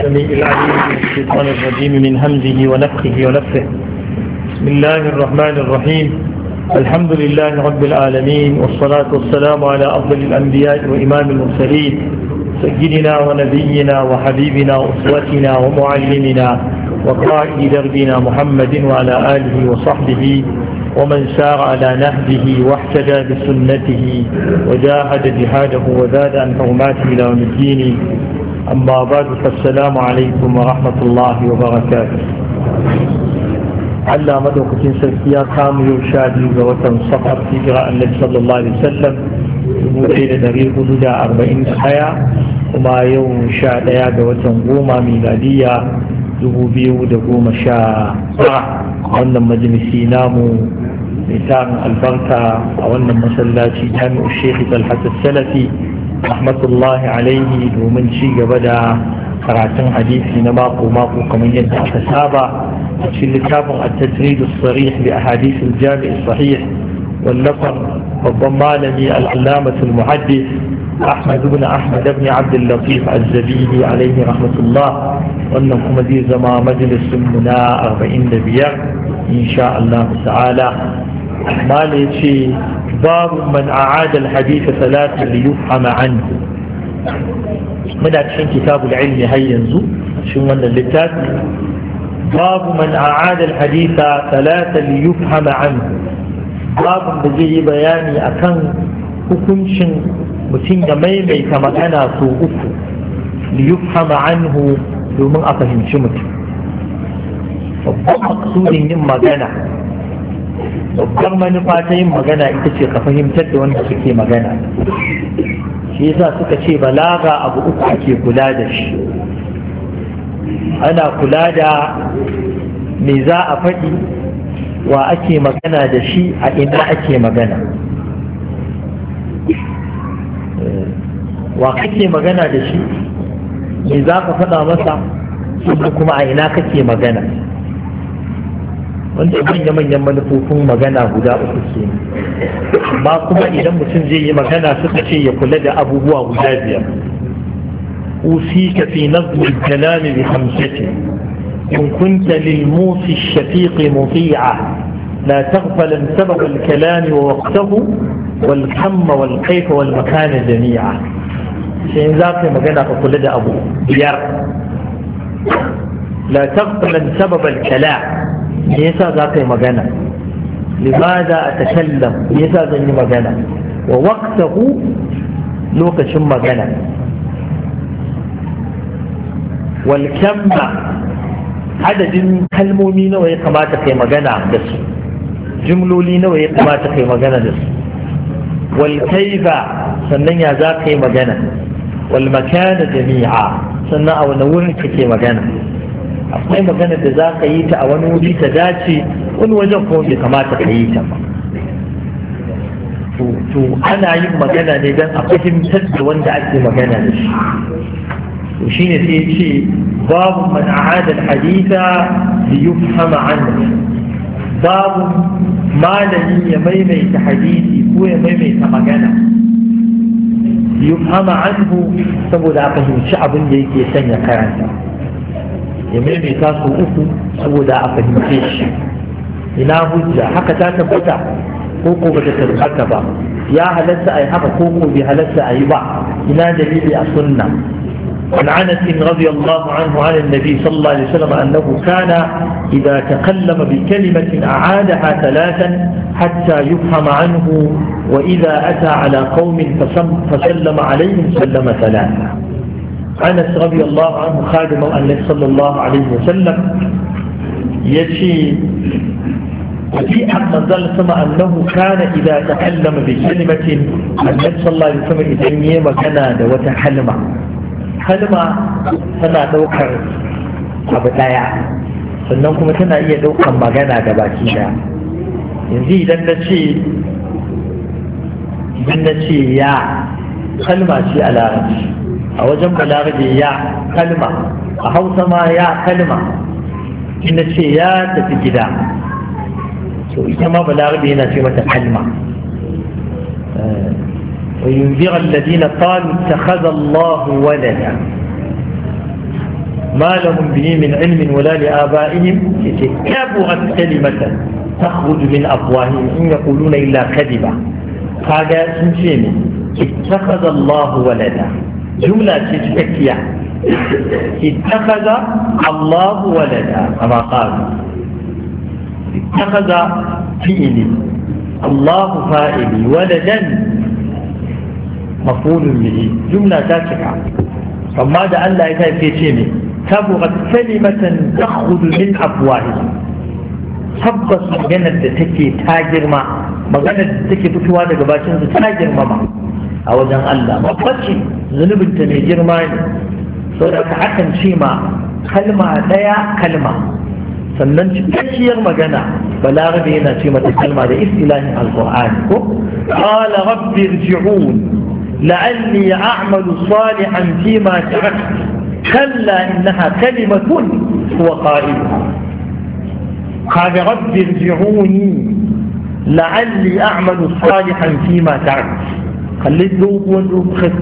السميع العليم من الشيطان الرجيم من همزه ونفخه ونفخه بسم الله الرحمن الرحيم الحمد لله رب العالمين والصلاة والسلام على أفضل الأنبياء وإمام المرسلين سيدنا ونبينا وحبيبنا وأسوتنا ومعلمنا وقائد دربنا محمد وعلى آله وصحبه ومن سار على نهجه واحتجى بسنته وجاهد جهاده وزاد عن حرماته إلى يوم الدين أما بعد فالسلام عليكم ورحمة الله وبركاته Allah madaukakin sarki ya kama yau sha biyu ga watan safar hijira annabi sallallahu alaihi wasallam dubu ɗaya da ɗari hudu arba'in da ɗaya kuma yau sha ɗaya ga watan goma miladiya dubu biyu da goma sha tara wannan majalisi namu mai tarin albarka a wannan masallaci jami'u shekhi talhat salafi rahmatullahi alaihi domin ci gaba da karatun hadisi na mako mako kamar yadda aka saba a cikin littafin at-tajrid as-sarih bi ahadith al-jami' as-sahih wallafan babban malami al-allamah al-muhaddith أحمد بن أحمد بن عبد اللطيف الزبيدي عليه رحمة الله وأنه مدير زما مجلس منا أربعين دبير شاء الله تعالى mana yace babu man a hadisa salatin da yufa ma'an muna cikin kitabul ilmi har yanzu cikin wannan littafi babu man a adal hadisa salatin da yufa ma'an babu da zai yi bayani akan hukuncin mutum ya maimaita magana su uku liyufa ma'anhu domin a fahimci mutum babu maksudin yin magana babban manufa ta yin magana ita ce ka fahimtar da wanda suke magana shi yasa suka ce balaga abu uku ake kula da shi ana kula da me za a faɗi wa ake magana da shi a ina ake magana wa kake magana da shi me za ka faɗa masa kuma a ina kake magana wanda manya-manyan manufofin magana guda uku ke amma kuma idan mutum zai yi magana suka ce ya kula da abubuwa guda biyar أوصيك في نظم الكلام بخمسة إن كنت للموصي الشفيق مطيعا لا تغفل سبب الكلام ووقته والكم والكيف والمكان جميعا شيء ذاك مكان أقول لدى أبو بيار لا تغفل سبب الكلام me yasa za ka magana Limada, a tashallam me yasa zan yi magana wa waktahu lokacin magana wal kamma adadin kalmomi nawa ya kamata kai magana da su jumloli nawa ya kamata kai magana da su wal sannan ya za ka magana wal jami'a sannan a wani wurin kake magana akwai maganar da za ka yi ta a wani wuri ta dace wani wajen kuma bai kamata ka yi ta ba to ana yin magana ne don a fahimtar da wanda ake magana da shi to shine sai ce babu man a'ada al-haditha li yufhama anhu babu malami ya maimaita hadisi ko ya maimaita magana yufhama anhu saboda a fahimci abin da yake son ya karanta ya maimaita su uku saboda a fahimce shi ina hujja haka ta tabbata ko ko bata tabbata ba ya halatta a yi haka ko ko bai halatta a yi ba ina dalili a sunna عن انس رضي الله عنه عن النبي صلى الله عليه وسلم انه كان اذا تكلم بكلمه اعادها ثلاثا حتى يفهم عنه واذا اتى على قوم فسلم عليهم سلم ثلاثا أنس رضي الله عنه خادم النبي صلى الله عليه وسلم يشي وفي حق ذل سمع أنه كان إذا تكلم بكلمة النبي صلى الله عليه وسلم إذا يما كان وتحلم حلم سنة دوكر أبدايا sannan kuma tana iya ɗaukan magana da baki daya yanzu idan na ce idan na ce ya kalma ce a larabci a wajen balarabe ya kalma a hausa ma ya kalma ina ce ya tafi gida to ita ma balarabe yana ce mata kalma وينذر الذين قالوا اتخذ الله ولدا ما لهم به من علم ولا لآبائهم كبرت كلمة تخرج من أفواههم إن يقولون إلا كذبا هذا سنشيني اتخذ الله ولدا jumla ce cikakkiya ittakhadha Allahu walada kama qalu ittakhadha fi'li Allahu fa'ili waladan mafulun bihi jumla ta cika amma da Allah ya kai ce ne tabuhat kalimatan takhudhu min afwahi tabbas maganar da take ta girma maganar da take fitowa daga bakin ta girmama a wajen Allah babba ce zunubinta mai girma ne saboda hakan ce ma kalma ɗaya kalma sannan cikakkiyar magana balarabe yana ce mata kalma da istilahin alkur'ani ko qala rabbi irji'un la'alli a'malu salihan fima taraktu kalla innaha kalimatun huwa qa'il kaga rabbi irji'uni la'alli a'malu salihan fima taraktu خليت دوب وخف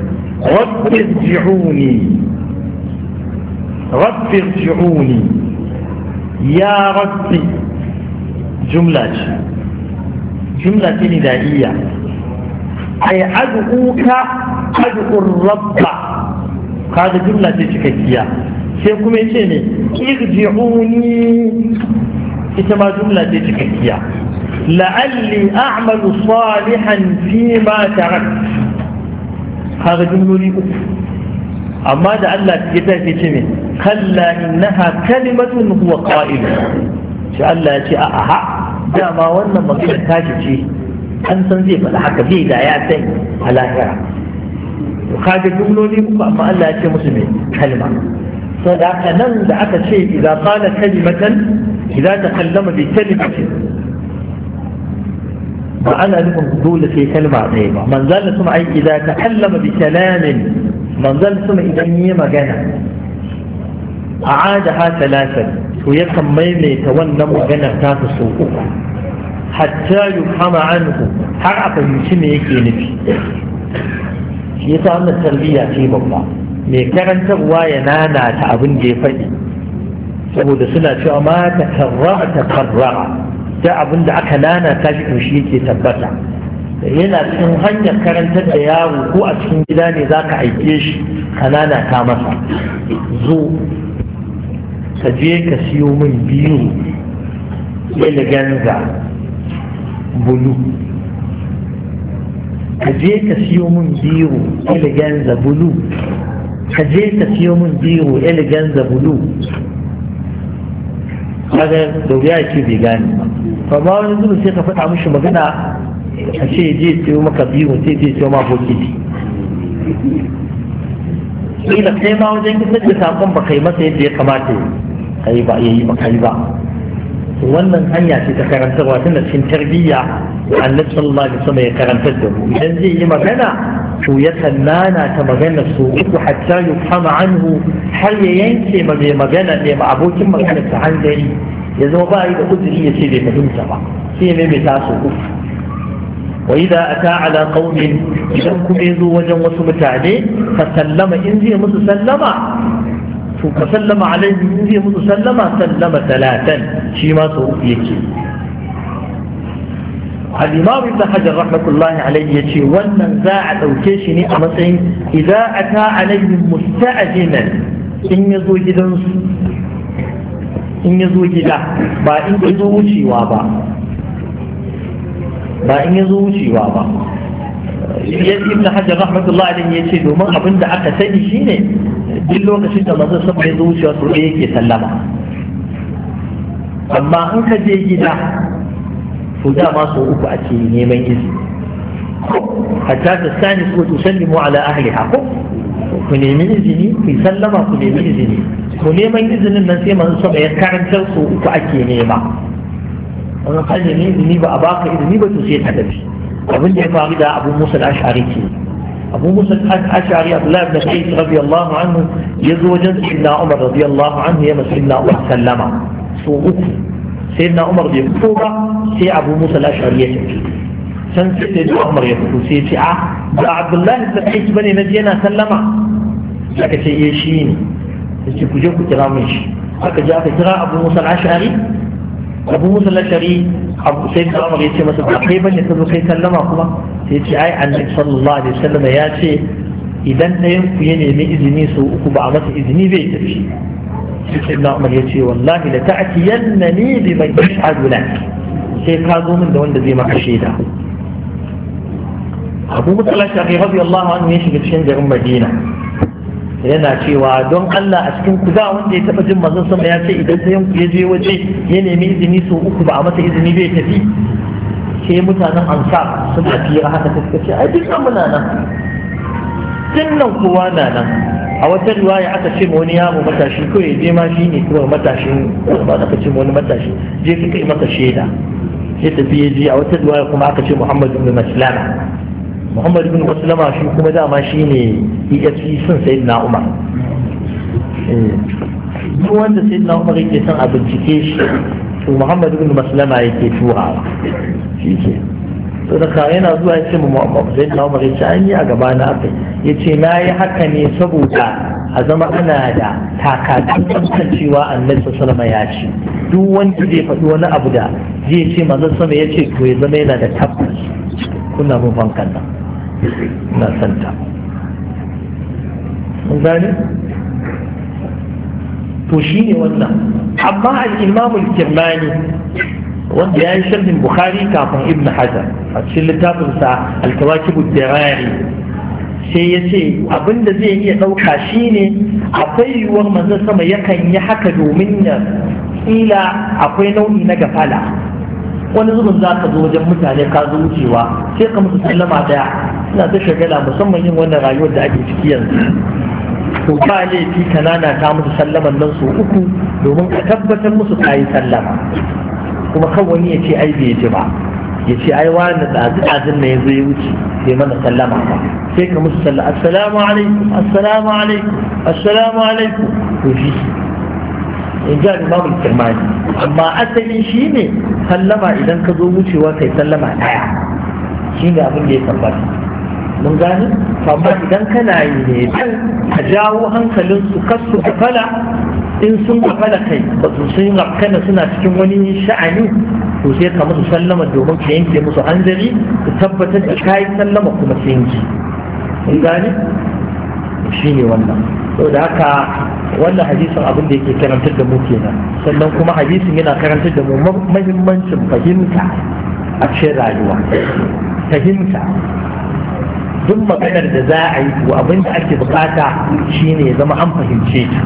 رب ارجعوني رب ارجعوني يا ربي جملة جملة ندائية أي أدعوك أدعو الرب هذا جملة تشكيكية سيكون يشيني ارجعوني ita ma jumla ce cikakkiya la'alli a'malu salihan fi ma tarak kaga jumloli uku amma da Allah ya tafi ce me kalla innaha kalimatun huwa qa'il shi Allah ya ce a aha dama wannan magana ta ce an san zai faɗa haka bai da ya sai a lahira kaga jumloli uku amma Allah ya ce musu me kalma فذاك نن ذاك إذا قال كلمة إذا تكلم بكلمة وأنا لكم دولة في كلمة عظيمة من ذلك أي إذا تكلم بكلام من سمعي إذا نيما جنا أعادها ثلاثا ويكم ميمي يتونم وجنا تاتو السوق حتى يفهم عنه حرف من شنو يكي نبي يتعلم التربية في مبارك mai karantarwa ya nana ta abin da ya faɗi saboda suna cewa ma ta karra ta karra ta abin da aka nana ta shi to shi yake tabbata yana cikin hanyar karantar da yaro ko a cikin gida ne za ka aike shi ka nana ta masa zo ka je ka siyo min biyu eleganza bulu ka je ka siyo min biyu eleganza bulu حزينت في يوم ديرو إلى جنزة بلو هذا دوريا يكي بيغان فما هو نزول سيخة فتح مش مغنى أشي يجيس يوم كبير وسيخة يجيس يوم أبو كيدي إلى قيمة وزينك سيخة تاقوم بقيمة سيخة قماتي قيبة يهي مقيبة wannan hanya ce ta karantarwa tana cikin tarbiyya annabi sallallahu alaihi wasallam ya karantar da mu to ya sallana ta magana su uku hatta yi kama anhu har ya yanke mai magana ne ma abokin magana ta hanzari ya zama ba da uzuri ya ce bai fahimta ba sai ya mai taso uku wa idza ata ala qaumin idan kuma yazo wajen wasu mutane fa sallama in zai musu sallama to ka sallama alaihi in zai musu sallama sallama talatan shi ma sau yake al-imam ibn hajar rahmatullahi alayhi yace wannan za a dauke shi ne a matsayin idza ata alaihim musta'jilan in yazo gidansu in yazo gida ba in yazo wucewa ba ba in yazo wucewa ba yadda ibn hajar rahmatullahi alayhi yace domin abin da aka sani shine duk lokacin da manzon sama ya zo wucewa to yake sallama amma in ka je gida to dama so uku ake neman izini hatta ta sani ko to mu ala ahliha hako. ku nemi izini ku sallama ku nemi izini ku neman izinin nan sai manzo sama ya karantar so uku ake nema Wani kalle ne izini ba a baka izini ba to sai ka tafi abin da ya faru da abu musa al-ash'ari ke abu musa al-ash'ari abdullahi ibn qais radiyallahu anhu yazo wajen sayyidina umar radiyallahu anhu ya masa sayyidina sallama so uku sai na umar bai fito ba sai abu musa lashari ya tafi can sai sai da umar ya fito sai ce a ah, ba abdullahi da aiki bane na yana sallama aka ce eh shi ne yace ku je ku kira mun shi aka je aka kira abu musa lashari abu musa lashari abu sai da umar ya ce masa ba kai bane ka zo kai sallama kuma sai ce ai annabi sallallahu alaihi wasallam ya ce idan ɗayan ku ya nemi izini sau uku ba a masa izini bai tafi sai na umar ya ce wallahi la ta'tiyanna ni bi man yashhadu lak sai ka zo min da wanda zai maka shaida Abu Musa al-Shafi'i radiyallahu anhu ya shiga cikin garin Madina yana cewa don Allah a cikin ku ba wanda ya taba jin manzon sama ya ce idan ɗayan ku ya je waje ya nemi izini sau uku ba a masa izini bai tafi sai mutanen ansar suna fiye haka suka ce ai duk muna nan nan kowa na nan a wata riwaya aka ce wani yamu matashi ko ya je ma shi ne kuma matashi ba aka ce wani matashi je ka kai maka shaida ya tafi ya je a wata riwaya kuma aka ce Muhammadu bin Maslama Muhammadu bin Maslama shi kuma dama shi ne EFC sun sayi na Umar eh, duk wanda sai na Umar yake son a bincike shi to Muhammadu bin Maslama yake tuhawa shi ke to da yana zuwa ya ce mu mu'amma Zai na umar an yi a gaba na akai ya ce na yi haka ne saboda a zama ana da takatun kan cewa annabi sallama ya ce duk wanda zai faɗi wani abu da zai ce manzon sama ya ce to ya zama yana da tabbas kuna mun fankan na santa mun gane to shine wannan amma al-imamu al-kirmani wanda ya yi sharhin bukhari kafin ibn hajar a cikin littafinsa alkawakibu dirari sai ya ce abinda zai iya ɗauka shine akwai yiwuwar manzon sama yakan yi haka domin ya tsila akwai nau'i na gafala wani zubin za ka zo wajen mutane ka zo wucewa sai ka musu sallama daya suna ta shagala musamman yin wannan rayuwar da ake ciki yanzu to ba laifi kanana ta musu sallaman nan sau uku domin ka tabbatar musu ka yi sallama kuma kan wani ya ce ai bai ji ba ya ce ai wani ɗazi-ɗazin na ya zo ya wuce bai mana sallama ba sai ka musu salla assalamu alaikum assalamu alaikum assalamu alaikum to shi in ji alimamu kirmani amma asalin shi ne sallama idan ka zo wucewa kai sallama ɗaya shi ne abin da ya tabbata mun gani amma idan kana yi ne ka jawo su kasu da fala in sun da kai ba su sun rafkana suna cikin wani sha'ani to sai ka musu sallama domin ka yanke musu hanzari ka tabbatar da kayi sallama kuma sai yanki in gane shi ne wannan to da haka wannan hadisin abin da yake karantar da mu kenan sannan kuma hadisin yana karantar da mu mahimmancin fahimta a cikin rayuwa fahimta duk maganar da za a yi to abin da ake bukata shine ya zama an fahimce ta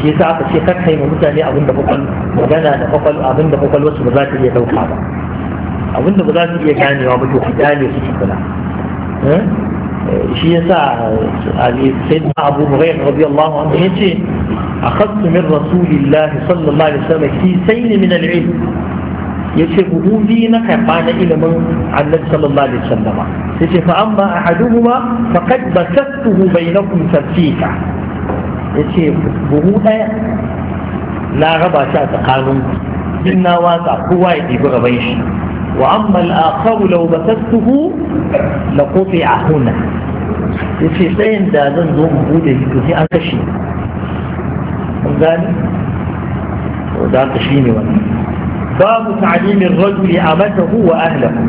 shi yasa aka ce kar kai ma mutane abin da kwakwal magana da kwakwal abin da kwakwal wasu ba za su iya dauka ba abin da ba za su iya ganewa ba to ku gane su ki kula eh? eh, shi yasa eh, ali sayyidina abu hurairah radiyallahu anhu yace akhadtu min rasulillahi sallallahu alaihi wasallam kisayn min al-ilm yace buhu biyu na karɓa na ilimin annabi sallallahu alaihi wasallam yace fa amma ahaduhuma faqad basattuhu bainakum tafsika ya ce buhu ɗaya na raba shi a tsakanin duk na watsa kowa ya ɗibi raban shi wa amma al'akaru lau ba ta tuhu kofi a huna ya ce tsayin da zan zo mu bude shi to sai an kashe mun gani to za ka shi ne wani babu ta'alimin rajuli matahu wa ahlahu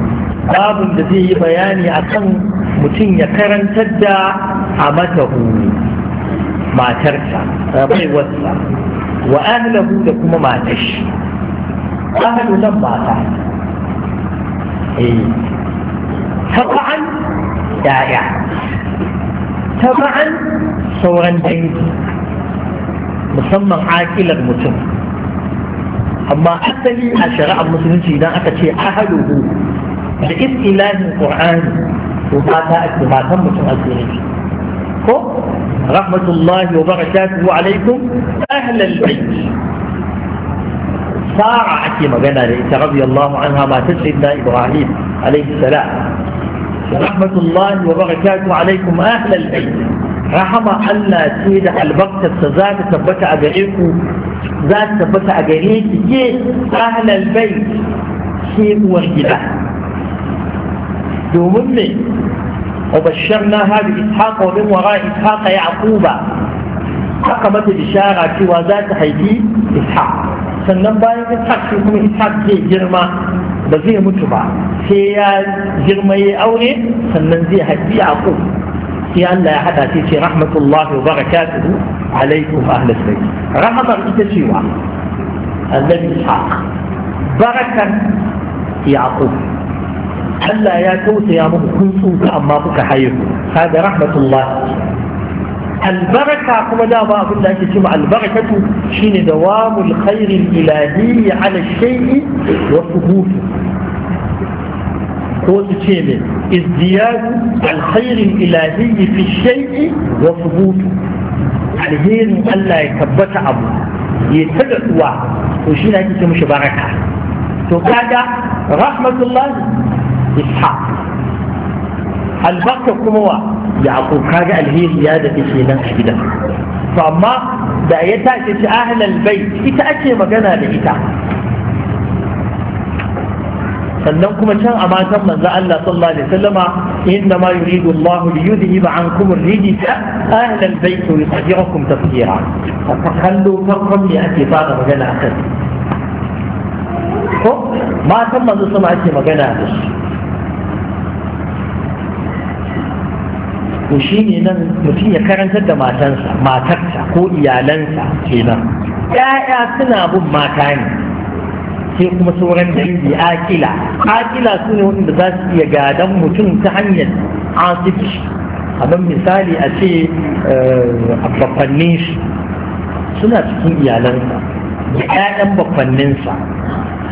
babun da zai yi bayani akan mutum ya karantar da a matahu. matarsa baiwarsa wa ahlahu da kuma matashi, shi ahlu nan mata eh taba'an ya'ya taba'an sauran dangi musamman akilar mutum amma asali a shari'ar musulunci idan aka ce ahaluhu da istilahin qur'ani to mata a matan mutum a nufi رحمة الله وبركاته عليكم أهل البيت ساعة أكي مغانا لإنت رضي الله عنها ما تسعدنا إبراهيم عليه السلام رحمة الله وبركاته عليكم أهل البيت رحمة الله سيد البركة ذات تبتع أجريكم ذات قريب أجريك أهل البيت شيء والجبال دومني وبشرناها بإسحاق ومن وراء إسحاق يعقوب أقمت بشارة في وزارة حيدي إسحاق سنن باي إسحاق في كم إسحاق جي جرمة بزيه متبع سيا جرمة أوري سنن زي حيدي يعقوب سيا لا حتى أتيتي رحمة الله وبركاته عليكم أهل البيت رحمة إتسيوا الذي إسحاق بركة يعقوب Allah ya tausaya muku kun tsufa amma kuka haihu kaga rahmatullah albaraka kuma dama abin da ake cewa albarakatu shine dawamul khairil ilahi ala shay'i wa thubutu ko su ce ne izdiyadu alkhairin ilahi fi shay'i wa thubutu alherin Allah ya tabbata abu ya tada uwa to shi ne ake ce mishi baraka to kaga rahmatullah إ س ح ا ق البكر يعقوب كاجا الهي ز ي ا في شيء لم فما د ا ي البيت إ ت أ ك ي مجانا ل إ ت ا ه فلنقم شان أ صلى الله عليه وسلم إنما يريد الله ليذهب عنكم الريد أ ه البيت ويطيعكم تفكيرا فخلوا فقم يأتي أ ت ي بعض مجانا اخر ما تم نصنع شيء مجانا اخر to shi ne nan mutum ya karantar da matansa matarsa ko iyalansa kenan ya'ya suna bin mata ne sai kuma sauran dangi akila akila su ne wanda za su iya gadon mutum ta hanyar asibiti kamar misali a ce eh, bakwannin shi suna cikin iyalansa da 'ya'yan bakwanninsa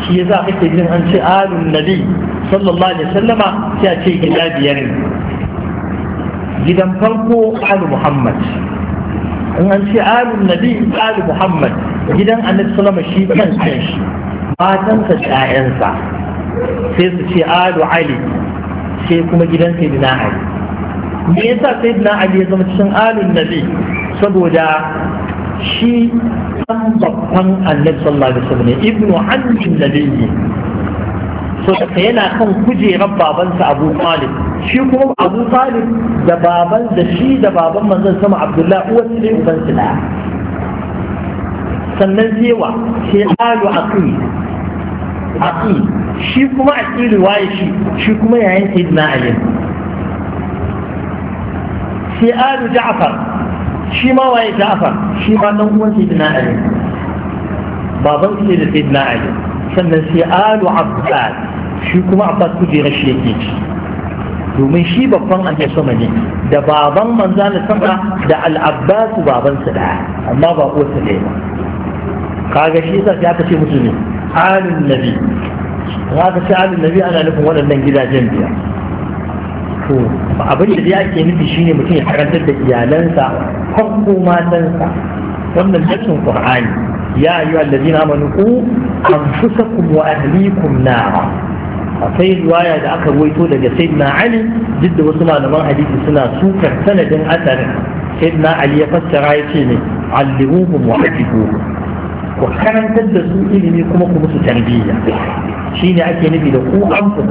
shi ya za a jin an ce alun nabi sallallahu alaihi wasallama sai a ce gida biyar ne gidan farko Ali muhammad in an ce alu nabi Ali muhammad gidan annabi sallama shi kan shi matansa da ƴaƴansa sai su ce alu ali sai kuma gidan sayyidina ali me yasa sayyidina ali ya zama cikin alu nabi saboda shi ɗan babban annabi sallallahu alaihi wasallam ibnu amin nabiyyi so yana kan kujerar babansa abu talib shi kuma abu talib da baban da shi da baban manzon sama abdullahi uwa ne uban su daya sannan zewa sai alu a aqil aqil shi kuma aqil waye shi shi kuma yayin sayyidina ali sai alu ja'far shi ma waye ja'far shi ma dan uwan na ali baban sai da sayyidina ali sannan sai alu abbas shi kuma abbas kujerar shi yake ci domin shi babban an sama ne da baban manza na sama da al'abbasu babansa da amma ba kowace ne ba kaga shi yasa sai aka ce ne alin nabi za ka ce alin nabi ana nufin waɗannan gidajen biya to abin da ya ake nufi shine mutum ya karantar da iyalansa hakko matansa wannan nassin qur'ani ya ayyuhallazina amanu qu anfusakum wa ahlikum nara akwai riwaya da aka waito daga sayyidina ali duk da wasu malaman hadisi suna sukar sanadin asarin sayyidina ali ya fassara ya ce ne allimuhum wa hadiduhum ku karantar da su ilimi kuma ku musu tarbiyya shine ake nufi da ku an ku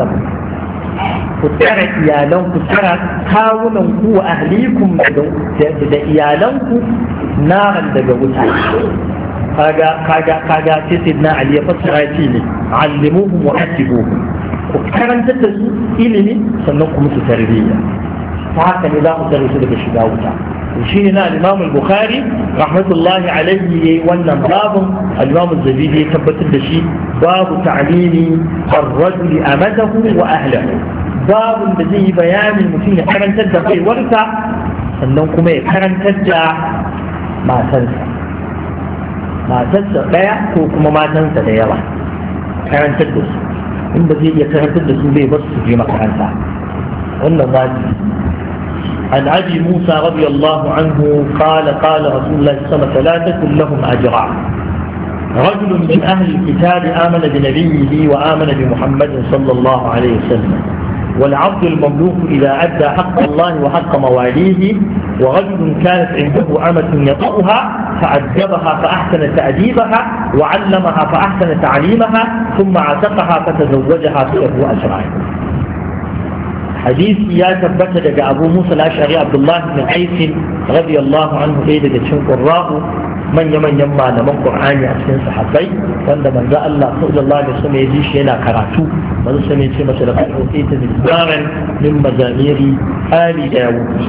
ku tsara iyalan ku tsara kawunan ku wa ahlikum da iyalan ku naran daga wuta kaga kaga kaga sai sayyidina ali ya fassara ya ce ne allimuhum wa hadiduhum ku karanta da su ilimi sannan ku musu tarbiyya ta haka ne za ku tsare su daga shiga wuta shi ne na al bukhari rahmatullahi alaihi yayi wannan babun al-imam ya tabbatar da shi babu ta'limi ar-rajuli amadahu wa ahlihi babun da zai yi bayanin mutum ya karantar da baiwarsa sannan kuma ya karantar da matansa. Matansa ɗaya ko kuma matansa da yawa karantar da su in ba zai iya karantar da su bai ba su je makaranta wannan عن أبي موسى رضي الله عنه قال قال رسول الله صلى الله عليه وسلم فلا تكن لهم اجرا رجل من أهل الكتاب آمن بنبيه وآمن بمحمد صلى الله عليه وسلم والعبد المملوك إذا أدى حق الله وحق مواليه ورجل كانت عنده أمة يطؤها فأدبها فأحسن تأديبها وعلمها فأحسن تعليمها ثم عتقها فتزوجها فله أجران حديث يا ثبت دقى أبو موسى الأشعري عبد الله بن عيسى رضي الله عنه إيه دقى تشنك الراه من يمن يما نمن قرآن أسكن صحابي وأن من ذا الله صلى الله عليه وسلم يجيش هنا كراتو من سمي كما تلقى أوتيت مزدارا من مزامير آل داوود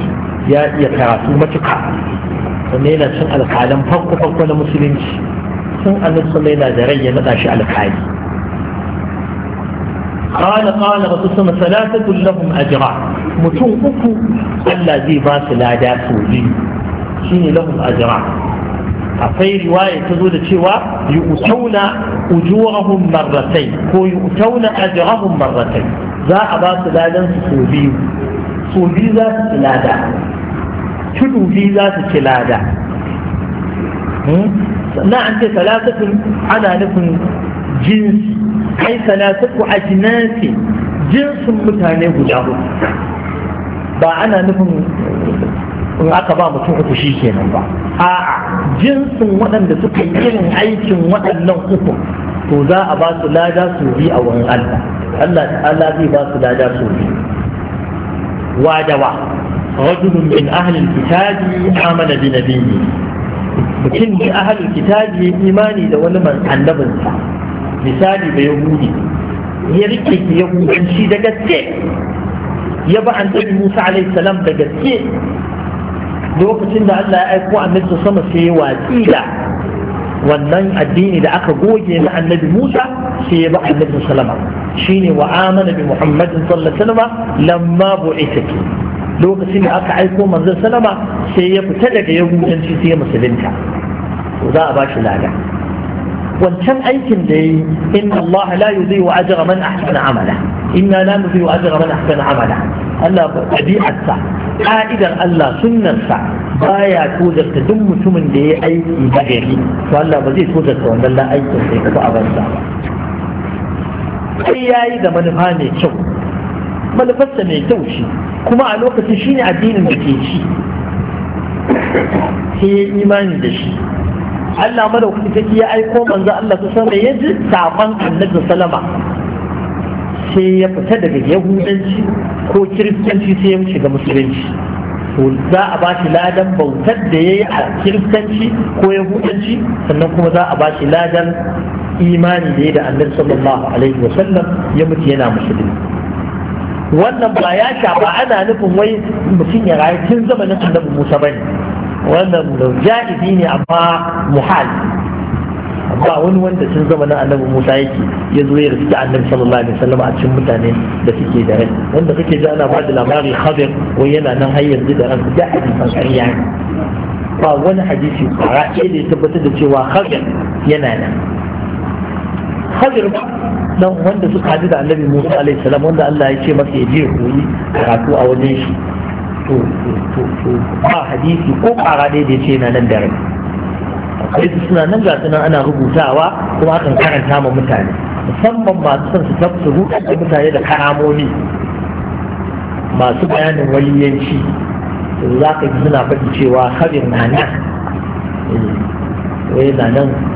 يا يا كراتو متقع wanda yana cin alƙalan farko farko na musulunci sun annabi sallallahu yana da rai ya nada shi alƙali قال قال رسول الله ثلاثة لهم أجران متون أكو ألا زي باس لا داسو لي شيني لهم أجران أفي رواية تزود شوى يؤتون أجورهم مرتين كو يؤتون أجرهم مرتين ذا أباس لا داسو سوبي سوبي ذا لا داسو tudu za su ci lada hmm? sannan an ce talatatun ana nufin jinsi ai talatatu a jinasi jinsin mutane guda hudu ba ana nufin in aka ba mutum uku shi kenan ba a'a jinsin waɗanda suka yi irin aikin waɗannan uku to za a ba su lada su bi a wurin Allah Allah zai ba su lada su bi wa da wa رجل من أهل الكتاب آمن بنبيه mutum ne ahalin kitabi ya imani da wani annabinsa misali da yahudi ya rike yahudanci da gaske ya ba annabi musa alaihi salam da gaske lokacin da allah ya aiko annabi sama sai ya watsi da wannan addini da aka goge na annabi musa sai ya ba annabi Salama shine wa amana bi muhammadin sallallahu alaihi wasallam lamma bu'itha lokacin da aka aiko manzon salama sai ya fita daga yahudanci sai ya musulunta to za a bashi lada wancan aikin da yi inna Allah la yudhi'u ajra man ahsana amala inna la nudhi'u ajra man ahsana amala Allah tabi'arsa ka'idar Allah sunnarsa baya tozarta duk mutumin da ya aiki da gari to Allah ba zai tozarta wannan la aikin sai ka ba ba sai yayi da manufa mai kyau manufarsa mai kyau ce kuma a lokacin shi ne addinin da ke ci sai ya imani da shi Allah madaukaki take ya aiko manzo Allah ta sama ya ji saban annabi salama sai ya fita daga yahudanci ko kiristanci sai ya shiga musulunci to za a ba shi ladan bautar da ya yi a kiristanci ko yahudanci sannan kuma za a ba shi ladan imani da ya da annabi sallallahu alaihi wasallam ya mutu yana musulunci wannan ba ya shafa ana nufin wai mutum ya rayu tun zamanin annabi musa bane wannan ja'ibi ne amma muhal ba wani wanda tun zamanin annabi musa yake ya zo ya riski annabi sallallahu alaihi wasallam a cikin mutane da suke da rai wanda kake ji ana bada labari khabir wai yana nan har yanzu da ransa da hadisan ƙarya ba wani hadisi ba ra'ayi da ya tabbatar da cewa khabir yana nan ba dan wanda suka haji da annabi musa alaihi salam wanda allah ya ce masa ya je koyi karatu a wajen shi to to to ba hadisi ko ƙara ne da ce na nan da rai akwai su suna nan ga nan ana rubutawa kuma akan karanta ma mutane musamman masu son su tafi su da mutane da karamomi masu bayanin waliyanci to za ka ji suna faɗi cewa kabin na nan eh, wai na nan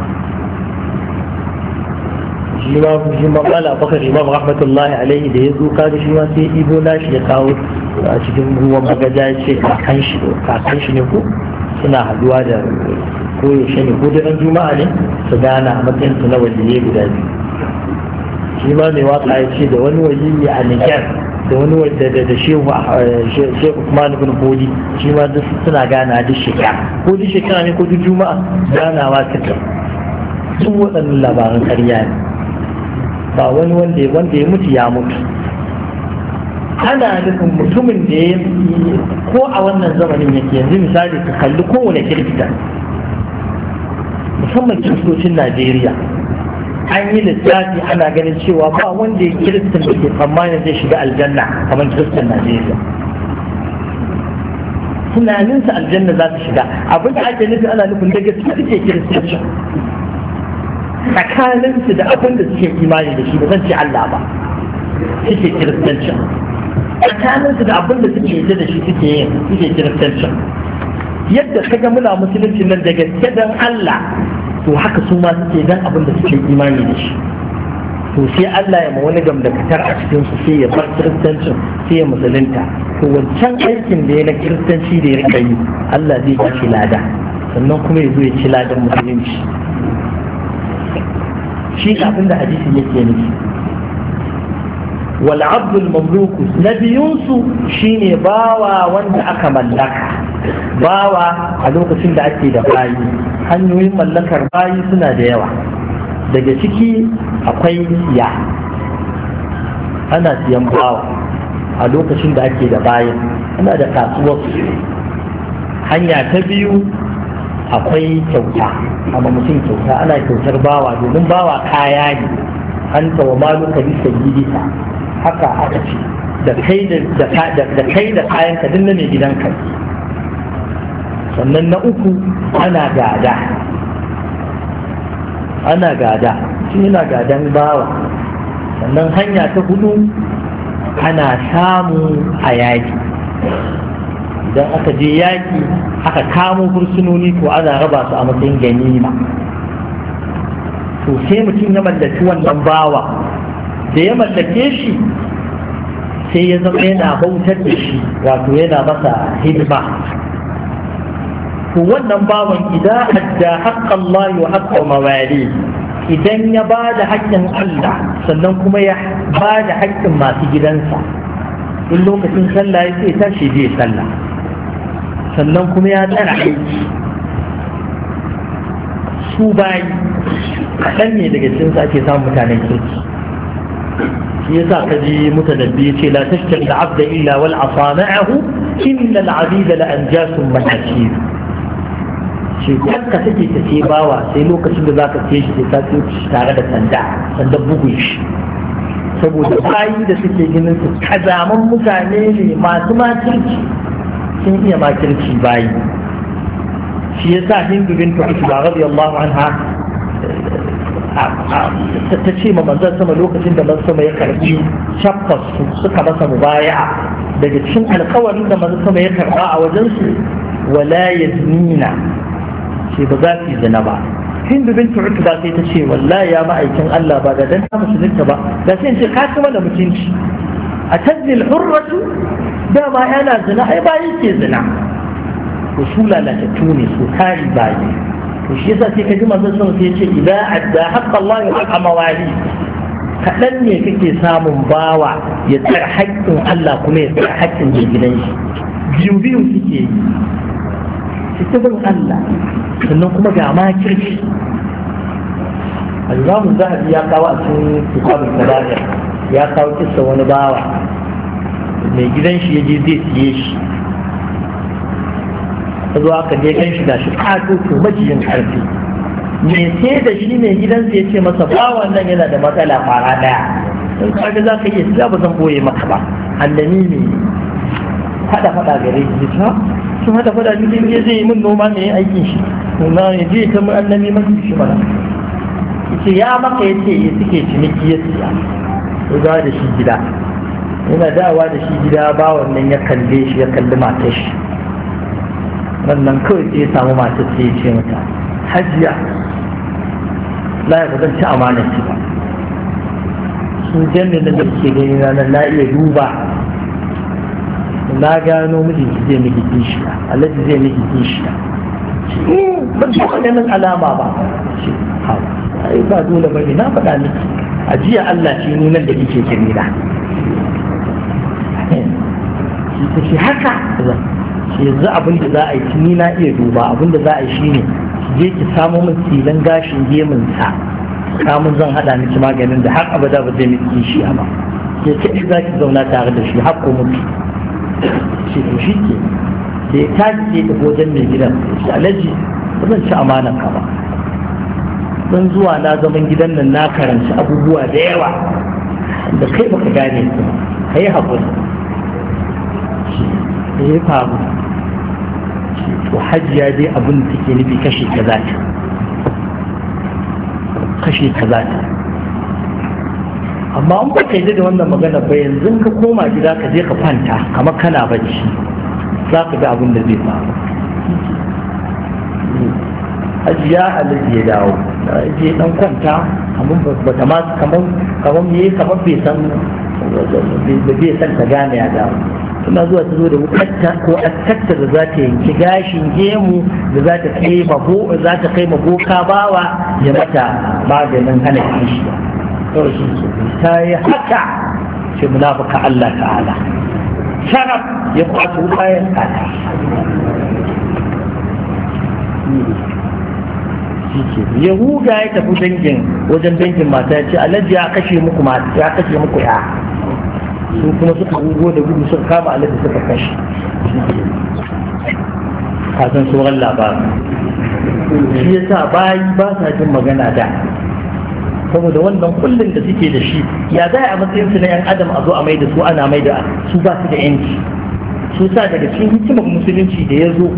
shi ma shi ma kala bakar imam rahmatullahi alaihi da ya zo kaga shi ma sai ibo nashi ya kawo a cikin ruwan magaja ya ce kakan shi kakan shi ne ko suna haduwa da ko yaushe ne ko daren juma'a ne su gana a matsayin su na ne guda biyu shi ma mai waka ya ce da wani waliyi a niger da wani wadda da shehu shehu kuma nufin boli shi ma duk suna gana duk shekara ko duk shekara ne ko duk juma'a ganawa suka duk waɗannan labaran karya ne ba wani wanda ya wanda ya mutu ya mutu ana nufin mutumin da ya ko a wannan zamanin yake yanzu misali ka kalli kowane kirkita musamman kiristocin najeriya an yi littafi ana ganin cewa ba wanda ya kiristan da ke tsammanin zai shiga aljanna kamar kiristan najeriya tunaninsa aljanna za ta shiga abin da ake nufi ana nufin da gaske suke kiristancin tsakaninsu da abin da suke imani da shi ba zan ce Allah ba suke kiristanci tsakaninsu da abin da suke yadda da shi suke yin suke kiristanci yadda ka ga muna musulunci nan da gaske dan Allah to haka su ma suke dan abin da suke imani da shi to sai Allah ya ma wani gamdakatar a cikin su sai ya bar kiristanci sai ya musulunta to wancan aikin da ya na kiristanci da ya rika yi Allah zai ba shi lada sannan kuma ya zo ya ci ladan musulunci shi abinda da hadisin yake nufi wal abdul mamluku na biyunsu shine bawa wanda aka mallaka bawa a lokacin da ake da bayi hanyoyin mallakar bayi suna da yawa daga ciki akwai siya ana siyan bawa a lokacin da ake da bayan ana da kasuwar hanya ta biyu akwai kyauta amma mutum kyauta ana kyautar bawa domin bawa kaya ne an tawa malu ka bisa gidita haka aka ce da kai da kayan ka dinna mai gidan ka sannan na uku ana gada ana gada shi yana gadan bawa sannan hanya ta hudu ana samu a yaki idan aka je yaƙi aka kamo fursunoni to ana raba su a matsayin ganima to sai mutum ya mallaki wannan bawa da ya mallake shi sai ya zama yana bautar da shi wato yana masa hidima to wannan bawan idan hadda haƙƙan layu haƙƙan mawali idan ya ba da haƙƙin Allah sannan kuma ya ba da haƙƙin masu gidansa in lokacin sallah ya sai tashi je sallah sannan kuma ya tsara aiki su bayi kaɗan ne daga cikin su ake samun mutanen kirki shi yasa ka ji mutanabbi ya ce la tashkil da abda illa wal asa inna al-aziza la anjasun man hasib shi kanka take ta ce bawa sai lokacin da zaka ce shi ta ce tare da sanda sanda bugun shi saboda bayi da suke ginin su kazaman mutane ne masu makirci sun iya makirci bayi shi ya sa hindu bin tu'ishba radiyallahu anha ta ce ma manzan sama lokacin da manzan sama ya karbi shaffas suka masa mubaya daga cikin alkawarin da manzan sama ya karba a wajensu wala yaznina ce ba za su yi zina ba hindu bin tu'ishba sai ta ce wallahi ya ma'aikin Allah ba da dan ta musulunta ba da sai ce ka kuma da mutunci a tazil hurratu dama yana zina ai bayi zina to su lalatattu ne su kari bayi to shi yasa sai ka ji manzon sun sai ce idza adda haqqa Allah wa haqa kaɗan ne kake samun bawa ya tsara haƙƙin Allah kuma ya tsara haƙƙin gidan shi biyu biyu suke yi cikin Allah sannan kuma ga ma kirki al-Imam Zahabi ya kawo a cikin kitabul ya kawo kisa wani bawa mai gidan shi ya je zai siye shi ta zo ka je gan shi da shi kato ko majiyin karfi me sai da shi mai gidan ya ce masa bawa nan yana da matsala fara daya in kaga za ka iya siya ba zan boye maka ba annami ne hada fada gare shi ta sun hada fada cikin ya zai min noma ne aikin shi na ya je ta mu annami mafi shi mana ya maka ya ce ya suke ciniki ya siya ya da shi gida yana dawa da shi gida ba wannan ya kalle shi ya kalli matar shi wannan kawai sai ya samu matar sai ya ce mata hajiya la ya zan ci amanar ba sun jami da ke gani na nan na iya duba na gano mijinki zai miki kishiya alaji zai miki kishiya eh, ban taɓa ganin alama ba ai ba dole ba ne na faɗa miki a jiya Allah shi nunar da yake kirina shi ta shi haka shi yanzu abin da za a yi tuni na iya duba abin da za a yi shi ne je ki samo min silin gashin gemin sa kamun zan hada miki maganin da har abada ba zai miki shi ba ke ce za ki zauna tare da shi har ko mutu shi to shi ke da ya tashi ke da wajen mai gidan shi alaji ba zan ci amanar ka ba don zuwa na zaman gidan nan na karanci abubuwa da yawa da kai baka gane ka yi haƙuri da ya faru to hajiya je abin da take nufi kashe ka za ta kashe ka za ta amma an baka yi da wannan magana ba yanzu ka koma gida ka je ka kwanta kamar kana bacci za ka ga abin da zai faru hajiya halittu ya dawo je dan kwanta kamar ba ta ma kamar kamar yi kamar bai san bai san ta gane ya dawo tana zuwa ta zo da wukatta ko attatta da za ta yanki gashin gemu da za ta kai mago za ta kai magoka bawa ya mata maganin hana kishiya shi ta yi haka ce munafuka Allah ta'ala sharaf ya kwato kayan tsada shi ke ya huga ya tafi dangin wajen dangin mata ya ce alhaji ya kashe muku ya kashe muku ya su kuma suka hugo da gudu suka kama alhaji suka kashe kasan sauran labarin shi ya sa bayi ba sa jin magana da saboda wannan kullum da suke da shi ya zai a matsayin su na yan adam a zo a mai da su ana mai da su ba su da yanci su sa daga cikin hikimar musulunci da ya zo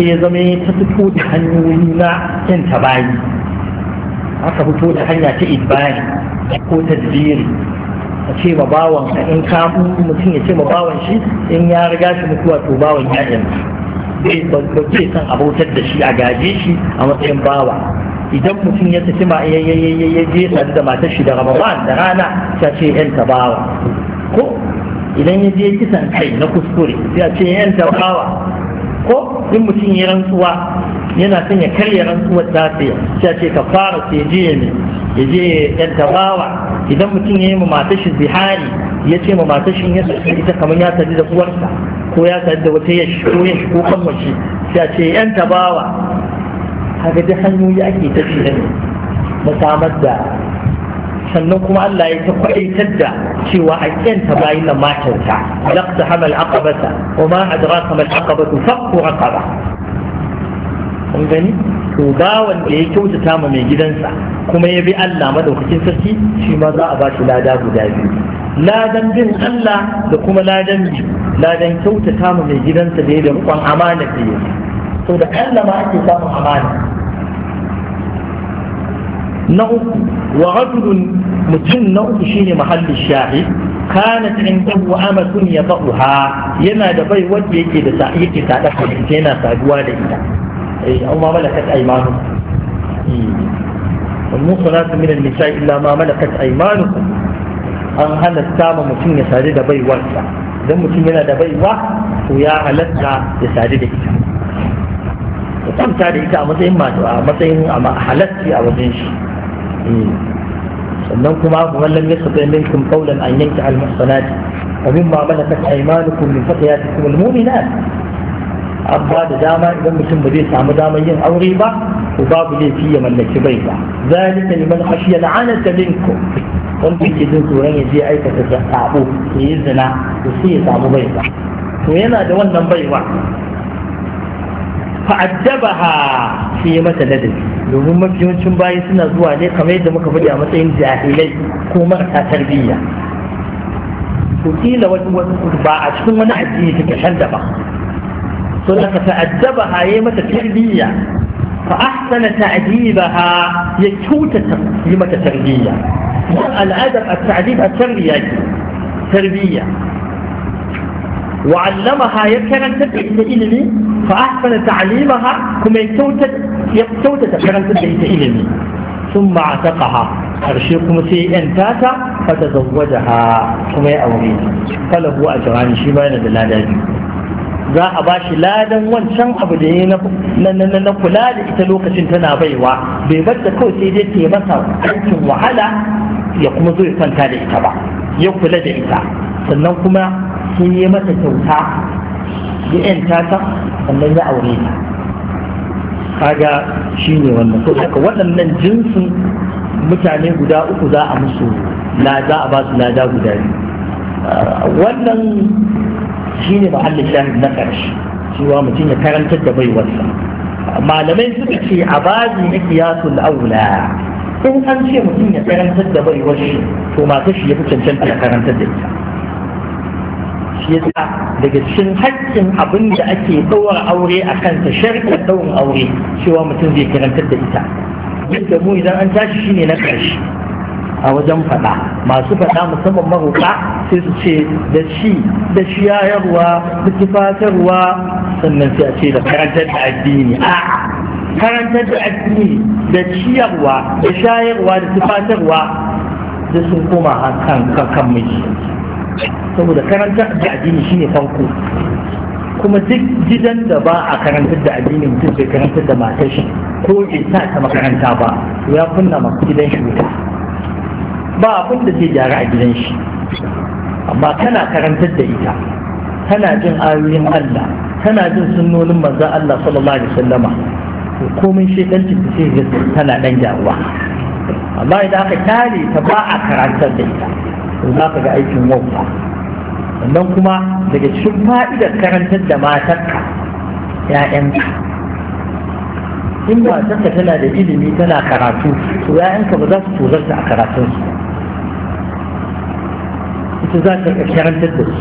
sai ya zama ya ta fito da hanyoyi na yin tabayi aka fito da hanya ta idbari ko ta tadbiri a ce ma bawan in ka mutum ya ce ma bawan shi in ya riga shi mutuwa to bawan ya yanzu ba ce san abautar da shi a gaje shi a matsayin bawa idan mutum ya tafi ma ya je sadu da matar shi da ramadan da rana ta ce yan tabawa ko idan ya je kisan kai na kuskure sai a ce yan tabawa ko in mutum ya rantsuwa yana son ya karya rantsuwar zafi ce ya ce ka fara ya je ne ya je yan tabawa idan mutum ya yi ma shi zihari ya ce ma matashin ya sake ita kamar ya sadu da uwarsa ko ya sadu da wata yashi ko yashi ko kan mace ya ce yan tabawa haka da hanyoyi ake ta ce da mu samar da sannan kuma Allah ya ta kwaitar da cewa a kyanta bayin nan matarka laqta hamal aqabata wa ma adraka mal aqabatu fakku aqaba kun gani to bawan da ya kyautata ma mai gidansa kuma ya bi Allah madaukakin sarki shi ma za a ba shi lada guda biyu ladan bin Allah da kuma ladan ladan kyautata ma mai gidansa da ya da rukun amana da ya to da Allah ma ake samun amana na uku wa rajulun mutum na uku shine mahallin shahid kanat indahu amatun yata'uha yana da bai wanda yake da sa yake da da yana saduwa da ita eh amma malakat aymanu eh, wal mukhlasu min al nisa illa ma malakat aymanu an hana samu mutum ya sadu da bai wanda mutum yana da baiwa to ya halatta ya sadu da ita ta kwanta da ita a matsayin matsayin a wajen shi eh. sannan kuma abu wallan ya sabai minkum qawlan an yanki al muhsanat wa mimma malakat aymanukum min fatiyatikum al mu'minat abba da dama idan mutum ba zai samu damar yin aure ba ko babu laifi ya mallaki bai ba zalika liman khashiya la'anata minkum wanda yake jin tsoron ya je aikata sabo ya yi zina to sai ya samu bai ba to yana da wannan baiwa fa'addabaha sai ya mata ladabi domin mafi yawancin bayi suna zuwa ne kamar yadda muka faɗi a matsayin jahilai ko marasa tarbiyya to kila ba a cikin wani addini take shan da ba so da ta'addabaha ya mata tarbiyya fa ahsana ta'dibaha ya kyautata yi mata tarbiyya dan al'adab at-ta'dib at-tarbiyya tarbiyya wa 'allamaha ya karanta da ilimi fa ahsana ta'limaha kuma ya kyautata karantar da ita ilimi ثم عتقها karshe kuma sai yan tata fata ha kuma ya aure falahu a jirani shi ba yana da lada biyu za a ba shi ladan wancan abu da ya na kula da ita lokacin tana baiwa bai bar da kawai sai dai ke masa aikin wahala ya kuma zo ya kwanta da ita ba ya kula da ita sannan kuma sun yi mata kyauta ya yan tata sannan ya aure ta kaga shine wannan ko daga waɗannan jinsin mutane guda uku za a musu za a basu lada guda biyu wannan shine mahallin shahid na ƙarshe cewa mutum ya karantar da baiwarsa malamai suka ce a bazi na kiyasul aula in an ce mutum ya karantar da bai wasu to masu shi ya fi cancanta ya karantar da ita shi yasa daga cikin haƙƙin abin da ake ɗaura aure a kansa sharɗin ɗaurin aure cewa mutum zai karantar da ita duk mu idan an tashi shine na ƙarshe a wajen faɗa masu faɗa musamman maruƙa sai su ce da shi da shiyayarwa da tufatarwa sannan sai a ce da karantar da addini a'a karantar da addini da ciyarwa da shayarwa da tufatarwa da sun koma kan kan miji saboda karantar da addini shine farko kuma duk gidan da ba a karantar da addini mutum bai karantar da matar shi ko bai sa ta makaranta ba ya kunna masu gidan shi wuta ba abin da zai gyara a gidan shi amma kana karantar da ita tana jin ayoyin Allah tana jin sunnonin manzo Allah sallallahu alaihi wasallama to komai shedanci ta sai tana dan gyaruwa amma idan aka tare ta ba a karantar da ita za ka ga aikin wauta sannan kuma daga cikin fa'idar karantar da matarka ‘ya'yanka in matarka tana da ilimi tana karatu to ‘ya'yanka ba za su tozarta a karatunsu ita za ka karantar da su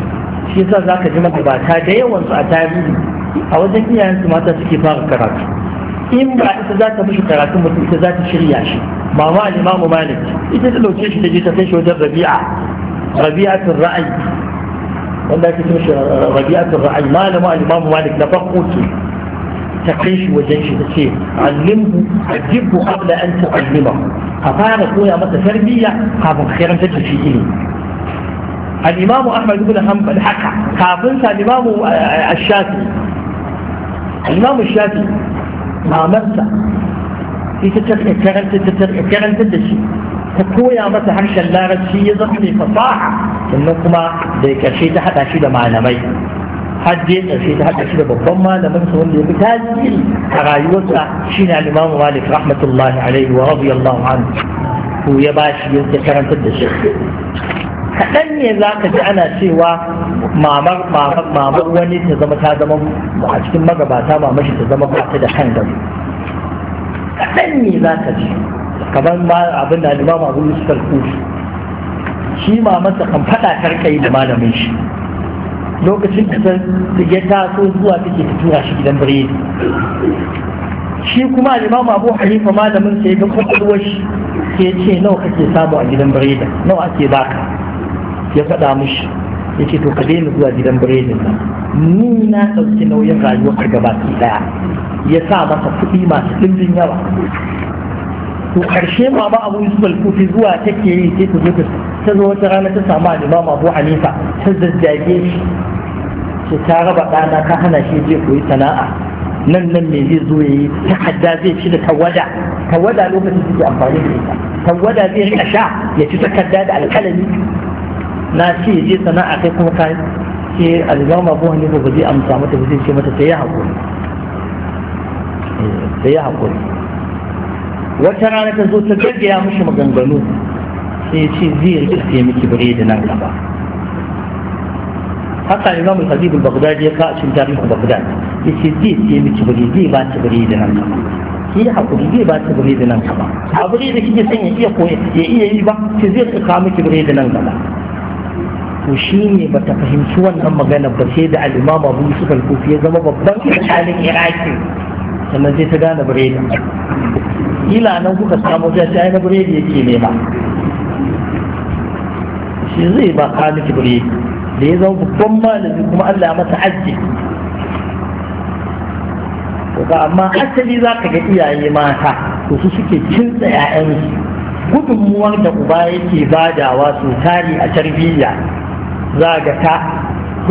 shi yasa za ka ji magabata da yawansu a tarihi a wajen iyayensu mata suke fara karatu in ba ita za ta mishi karatu mutum ita za ta shirya shi mama al-imamu malik ita ta dauke shi ta je ta kai shi wajen rabi'a rabi'atul ra'ayi wanda ake cin shi rabi'atul ra'ayi malamu al-imamu malik na farko ce ta kai shi wajen shi ta ce allimhu ajibu qabla an tu'allima ka fara koya masa tarbiyya kafin ka karanta da shi ilimi al-imam ahmad ibn hanbal haka kafin sa al-imam ash-shafi al-imam ash-shafi mamansa sai ta karanta ta karanta da shi ta koya masa harshen larabci ya zama mai fasaha sannan kuma da karshe ta haɗa shi da malamai hajji karshe ta haɗa shi da babban malamin sa wanda ya fi tasiri a rayuwarsa shine al-Imam Malik rahmatullahi alaihi wa radiyallahu anhu ko ya bashi ya karantar da shi kaɗan ne za ka ji ana cewa mamar mamar mamar wani ta zama ta zama a cikin magabata mamar shi ta zama ba ta da kan gaba kaɗan ne za ka ji kamar ma abin da alimamu abin da suka kufi shi ma masa kan faɗa karkai da malamin shi lokacin da ya taso zuwa take ta tura shi gidan biredi shi kuma alimamu abu hanifa malamin sai ga kwakwalwar shi ke ce nawa kake samu a gidan biredi nawa ake baka ya faɗa mishi ya ce to ka daina zuwa gidan biredin nan ni na ɗauki nauyin rayuwar ka gaba ɗaya ya sa masa kuɗi masu ɗimbin yawa to karshe ma ba abu yusuf al-kufi zuwa take yi sai ta zo ta zo wata rana ta samu al abu hanifa ta zazzage shi ce ta raba ɗana ka hana shi je koyi sana'a nan nan me zai zo ya yi ta hadda zai ci da tawada tawada lokacin da ke amfani da ita tawada zai rika sha ya ci takarda da alƙalami na ce je sana'a kai kuma ka ce al-imam abu hanifa ba zai amsa mata ba zai ce mata ta yi hakuri da ya haƙuri wata rana ta zo ta ya mushi maganganu sai ce zai rike miki biredi nan gaba haka ne zamu habib al ya kawo cikin tarihin baghdad ya ce zai siye miki biredi zai ba ta biredi nan gaba ki yi haƙuri zai ba ta biredi nan gaba a biredi kike son ya iya koya ya iya yi ba ki zai kawo miki biredi nan gaba to shi ne ba ta fahimci wannan magana ba sai da al'imama abu yusuf al-kufi ya zama babban alƙalin iraki sannan sai ta gane biredin kila nan kuka samu ta ta na biredi yake nema shi zai ba ka miki biredi da ya zama babban malami kuma Allah masa aji ba amma asali za ka ga iyaye mata to su suke kinsa 'ya'yansu gudunmuwar da uba yake badawa su tari a tarbiyya za ga ta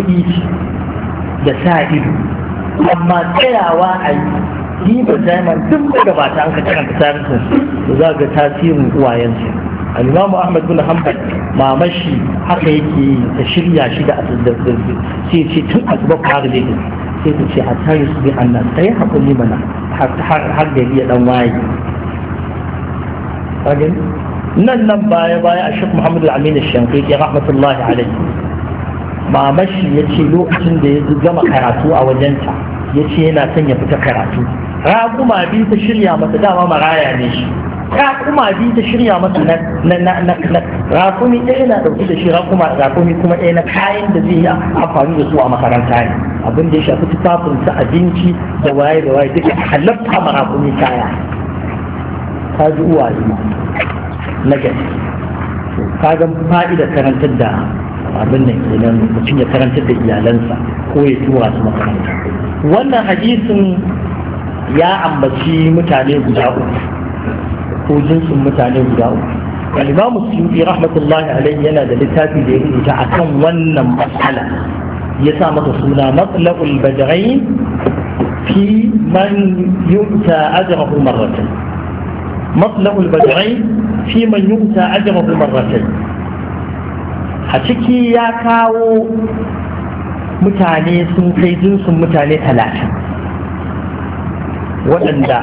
kuɗi da sa ido amma tsayawa a yi ibn Tayman duk daga ba ta an ka karanta tarihin su za ga tasirin uwayensu al-Imam Ahmad bin Hanbal mamashi haka yake ta shirya shi da asirdarsu sai ce tun asuba fara zai sai ta ce a tare su bi Allah sai hakuri mana har gari ya dan waye nan nan baya baya a shek muhammadu aminu shankiki rahmatullahi alaihi mamashi ya ce lokacin da ya gama karatu a wajenta ya ce yana son ya fita karatu raƙuma biyu ta shirya masa dama maraya ne shi raƙuma biyu ta shirya masa na na na na raƙumi ɗaya na ɗauki da shi raƙuma raƙumi kuma ɗaya na kayan da zai yi amfani da su a makaranta ne abin da ya shafi tufafinsa abinci da waye da waye duka halatta ma raƙumi kaya ta ji ne na gani ka ga fa'ida karantar da abin nan kenan mutum ya karantar da iyalansa ko ya tura su makaranta wannan hadisin ya ambaci mutane guda uku ko jinsin mutane guda uku al-imam suyuti rahmatullahi alayhi, yana da littafi da ya rubuta akan wannan matsala ya sa masa suna matsala'ul badarain fi man yuta ajrahu marratayn matsala'ul badarain fi man yuta ajrahu marratayn a ciki ya kawo mutane sun kai jinsin mutane talatin waɗanda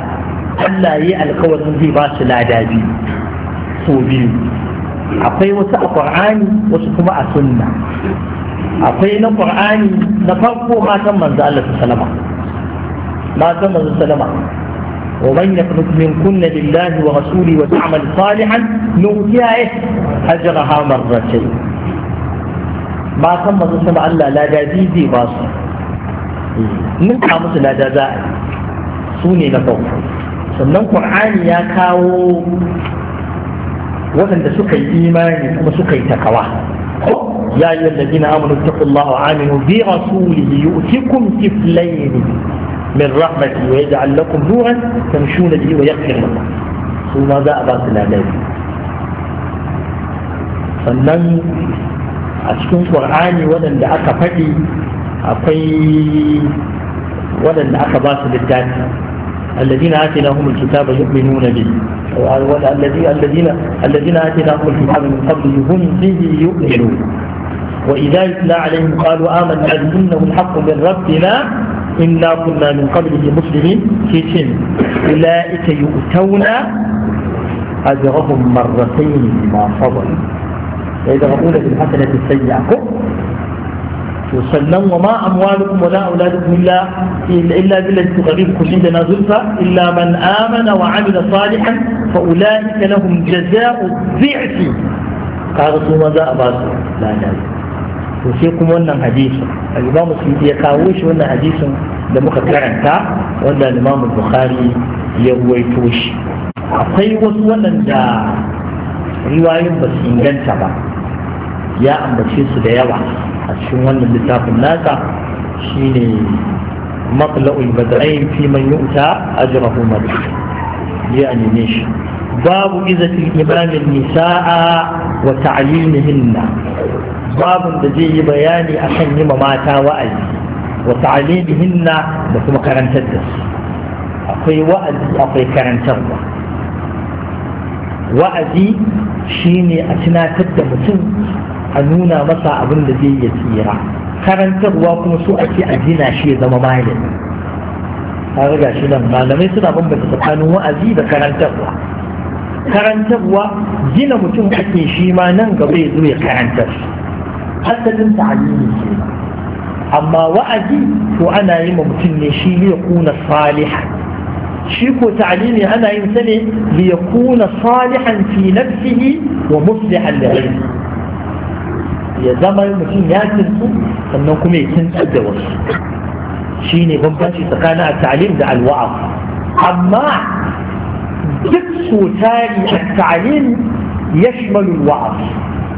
Allah ya yi alkawarin zai ba su lada biyu so biyu akwai wasu a ƙwar'ani wasu kuma a sunna akwai na ƙwar'ani na farko matan manzo Allah su salama matan manzo salama ومن يقنط منكن wa ورسوله وتعمل صالحا نؤتيه اجرها مرتين ما كان manzo sama Allah lada biyu zai ba su mun ka musu lada za a yi su ne na farko sannan qur'ani ya kawo waɗanda suka yi imani kuma suka yi takawa يا أيها الذين آمنوا اتقوا الله وآمنوا برسوله يؤتكم كفلين من رحمته ويجعل لكم نورا تمشون به ويغفر لكم ثم ذا أبا سلامين sannan a cikin ƙur'ani waɗanda aka faɗi akwai waɗanda aka ba su littafi الذين آتيناهم الكتاب يؤمنون به الذين الذين آتيناهم الكتاب من قبل هم به يؤمنون وإذا يتلى عليهم قالوا آمنا به إنه الحق من ربنا إنا كنا من قبله مسلمين في سن أولئك يؤتون أجرهم مرتين بما صبروا في بالحسنة السيئة to sannan wa ma amwalukum wa la auladukum illa illa billati tuqarribukum indana zulfa illa man amana wa amila salihan fa ulaika lahum jazaa'u dhi'fi kaga su ma za a ba su ladan to sai kuma wannan hadisi al-Imam Muslim ya kawo shi wannan hadisin da muka karanta wanda Imam Bukhari ya shi akwai wasu waɗanda riwayoyin ba inganta ba ya ambace su da yawa a cikin wannan littafin nasa shine maqla'ul bad'ain fi man yu'ta ajrahu mad'un ya anime shi babu izati imamin nisaa wa ta'limihinna babun da zai yi bayani akan yi mata wa'azi wa ta'limihinna da kuma karantar da su akwai wa'azi akwai karantarwa wa'azi shine a tunatar da mutum a nuna masa abin da zai iya tsira karantarwa kuma so ake a gina shi ya zama malami ta riga shi nan malamai suna bambanta tsakanin wa'azi da karantarwa karantarwa gina mutum ake shi ma nan gaba ya zo ya karantar asalin ta'alimi ke amma wa'azi to ana yi ma mutum ne shi ne ya kuna salihan shi ko ne ana yin sa ne li kuna salihan fi nafsihi wa muslihan li ghayrihi ya zama mutum ya kinsu sannan kuma ya kinsu da wasu shi ne bambanci tsakanin al talim da al-wa'az amma duk so tari at-ta'lim yashmalu al-wa'az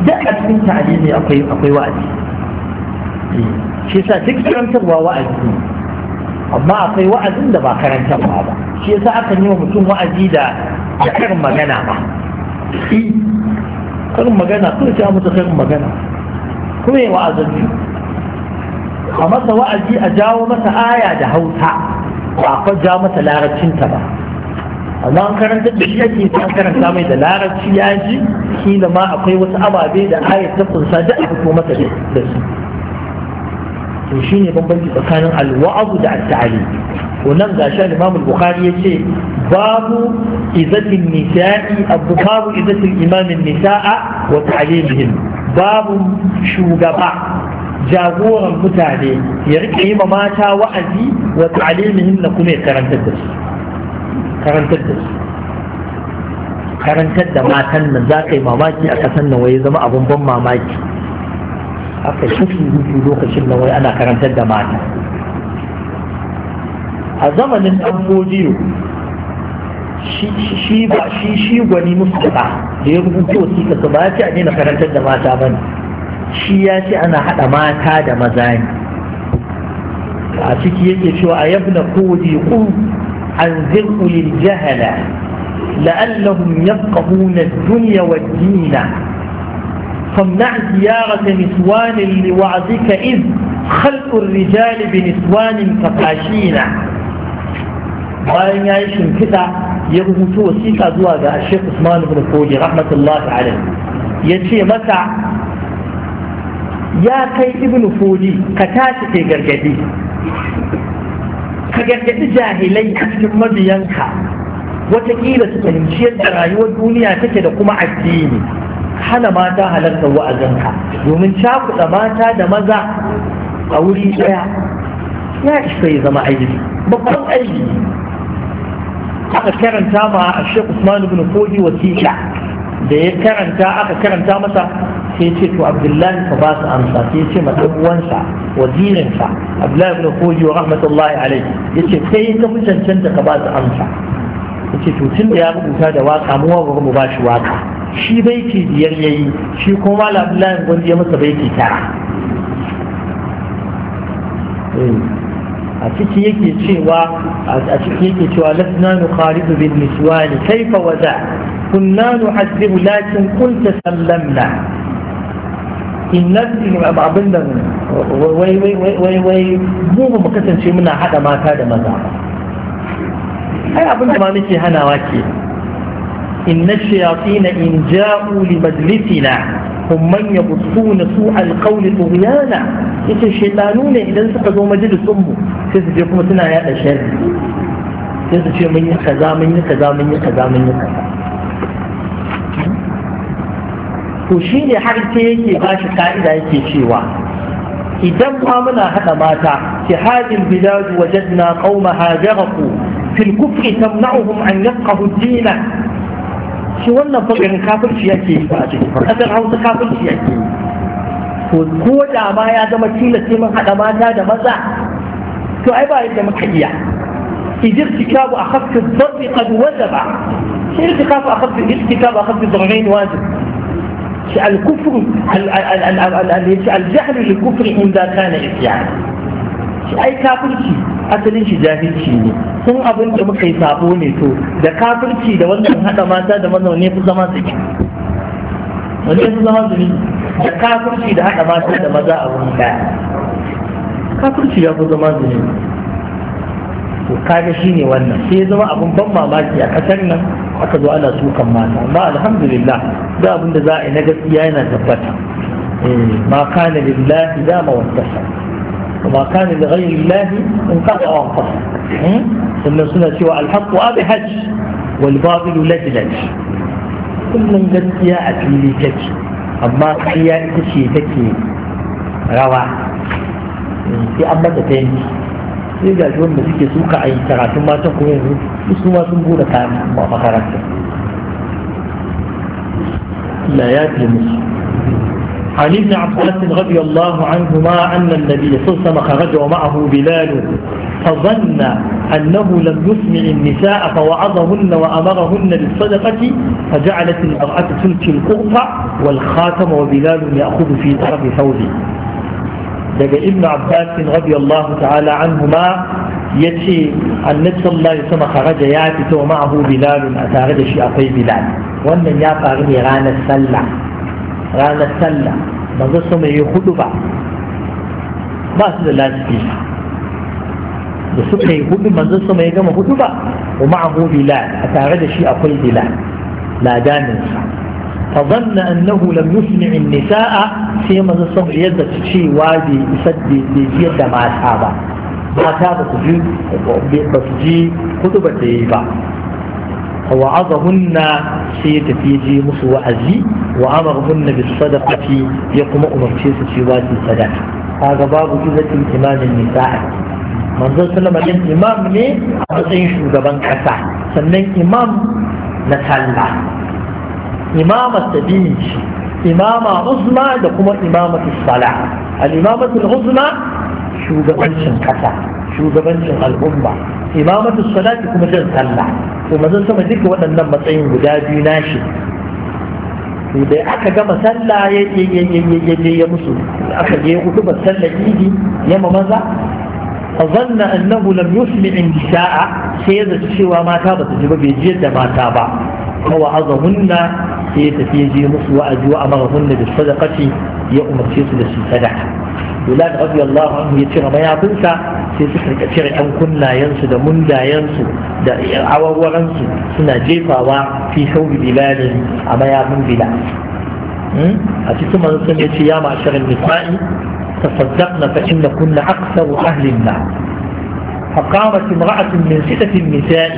duk a cikin ta'limi akwai akwai wa'azi eh, shi yasa duk karantarwa wa'azi ne, amma akwai wa'azin da ba karantarwa ba shi yasa akan yi wa mutum wa'azi da karin magana ba eh, karin magana kuma ta mutu karin magana kuma ya wa'azanci a masa wa'azi a jawo masa aya da hausa ba a ja masa larabcinta ba amma an karanta da shi ake an karanta mai da larabci ya ji kila ma akwai wasu ababe da ayar ta kunsa da aka masa da su to shine bambanci tsakanin alwa'azu da at-ta'ali wannan gashi al-Imam al-Bukhari yace babu izatin nisa'i abu babu izatin imamin nisa'a wa ta'limihim babu shugaba jagoran mutane ya rike yi ma mata wa'azi wa ta'alimihim na kuma ya karantar da su karantar da su karantar da matan nan za ka yi mamaki a kasan nan wai zama abun ban mamaki aka yi shafi rubutu lokacin nan wai ana karantar da mata a zamanin ɗan shi ba shi shi gwani musu da ya rubuta wasiƙa su ba ce a daina karantar da mata ba shi ya ce ana haɗa mata da maza ne a ciki yake cewa a yabna kodi ku an zirku lil jahala la'allahum yafqahuna ad-dunya wad-din famna ziyarata niswan li wa'dika id خلق الرجال بنسوان فقاشينا bayan ya yi shimfiɗa ya rubuta wasiƙa zuwa ga Sheikh Usman ibn Fodi rahmatullahi alaihi yace masa ya kai ibn Fodi ka tashi kai gargadi ka gargadi jahilai a cikin mabiyanka wataƙila su fahimci yadda rayuwar duniya take da kuma addini hana mata halartar wa'azinka domin cakuɗa mata da maza a wuri ɗaya ya isa ya zama aiki babban aiki aka karanta ma a shek usman ibn kodi wasiƙa da ya karanta aka karanta masa sai ce to abdullahi ka ba su amsa sai ce ma ɗan uwansa wazirinsa abdullahi ibn kodi wa rahmatullahi alai ya ce kai ka fi cancanta ka ba su amsa ya to tun da ya rubuta da waka mu wa mu ba shi waka shi baiti biyar yayi shi kuma malam abdullahi gwandi ya masa baiti tara eh. a ciki yake cewa a ciki yake cewa lasna nukharidu bil niswani kaifa waza kunna nuhaddibu lakin qulta sallamna innan abin da wai wai wai wai mu kasance muna hada mata da maza ai abin da ma muke hanawa ke In inna shayatina in ja'u li majlisina هم من يبصون سوء القول طغيانا yace shaitanu ne idan suka zo majalisun mu sai su je kuma suna yaɗa sharri sai su ce mun yi kaza mun yi kaza mun yi kaza mun yi kaza to shi ne har sai yake ba shi ka'ida yake cewa idan ma muna haɗa mata ki hadin biladu wajadna qauma hajaraku fil kufri tamna'uhum an yafqahu dina shi wannan fagarin kafirci yake yi ba a cikin ƙasar hausa kafirci yake yi ko da ma ya zama tilasta mun haɗa mata da maza to ai ba yadda muka iya idan tikabu a hafi zarri kad wajaba shi irtikabu a hafi irtikabu a hafi zarrain wajib shi al-kufr al-jahl lil-kufr inda kana isyan shi ai kafirci asalin shi jahilci ne sun abin da muka yi sabo ne to da kafirci da wannan hada mata da mazaune ku zama su wanda su zama su da kafirci da hada mata da maza a wurin daya kafirci ya fi zama zunubi to kaga shine wannan sai ya zama abin ban mamaki a kasar nan aka zo ana sukan mata amma alhamdulillah da abin da za a yi na gaskiya yana tabbata eh, ma kana lillahi dama wattasa وما كان لغير الله انقطع وانقطع ثم سنة سوى الحق أبهج والباطل لجلج كل gaskiya a يا take. Amma أما ita ce take rawa. sai an mata fenti sai ga shi wanda suke suka a yi karatun matan kuma yanzu su ma sun bude kayan عن ابن عباس رضي الله عنهما أن النبي صلى الله عليه وسلم خرج ومعه بلال فظن أنه لم يسمع النساء فوعظهن وأمرهن بالصدقة فجعلت المرأة تلقي القرفة والخاتم وبلال يأخذ في طرف ثوبه daga ibn abbas allahu ta'ala anhuma yace annabi sallallahu alaihi wasallam kharaja ya fito ma'ahu bilalun a tare da shi akwai bilal wannan ya faru ne ranar sallah ranar sallah manzo su mai hudu ba ba su da lafi da suka yi hudu manzo su mai gama hudu ba wa abu bilal a tare da shi akwai bilal ladaninsa فظن أنه لم يسمع النساء سيما نصم يدى تشي وادي يسد يدى مع أصحابه ماتا بسجي خطبة إيبا وعظهن سيت في جي مصو وعزي وأمرهن بالصدقة يقوم أمر شيس شواتي صدقة هذا باب إذا إمام النساء manzon sallama din imam ne a matsayin shugaban kasa sannan imam na sallah da biyun shi. imama uzma da kuma imama sala al'imamatu uzma shugabancin kasa shugabancin al'umma Sala salati kuma jan sallah kuma zan sama duka waɗannan matsayin guda biyu na nashi da aka gama sallah ya ya musu aka je hudu ba sallah idi ya ma maza فظن أنه لم يسمع النساء سيدة سوى ما تابت جبه بيجيد ما تابع فوعظهن sai ya tafi je musu wa'azi wa amara hunna da sadaqati ya umarce su da su sadaqa bilal radiyallahu anhu ya cire mayafinsa sai suka rika cire yan kunnayensu da mundayensu da awarwaransu suna jefawa fi sauri bilalin a mayafin bilal hmm? a cikin manzon ya ce ya ma'asharar nisa'i tasaddaqna fa inna kunna aktsaru ahli nar فقامت امرأة من ستة النساء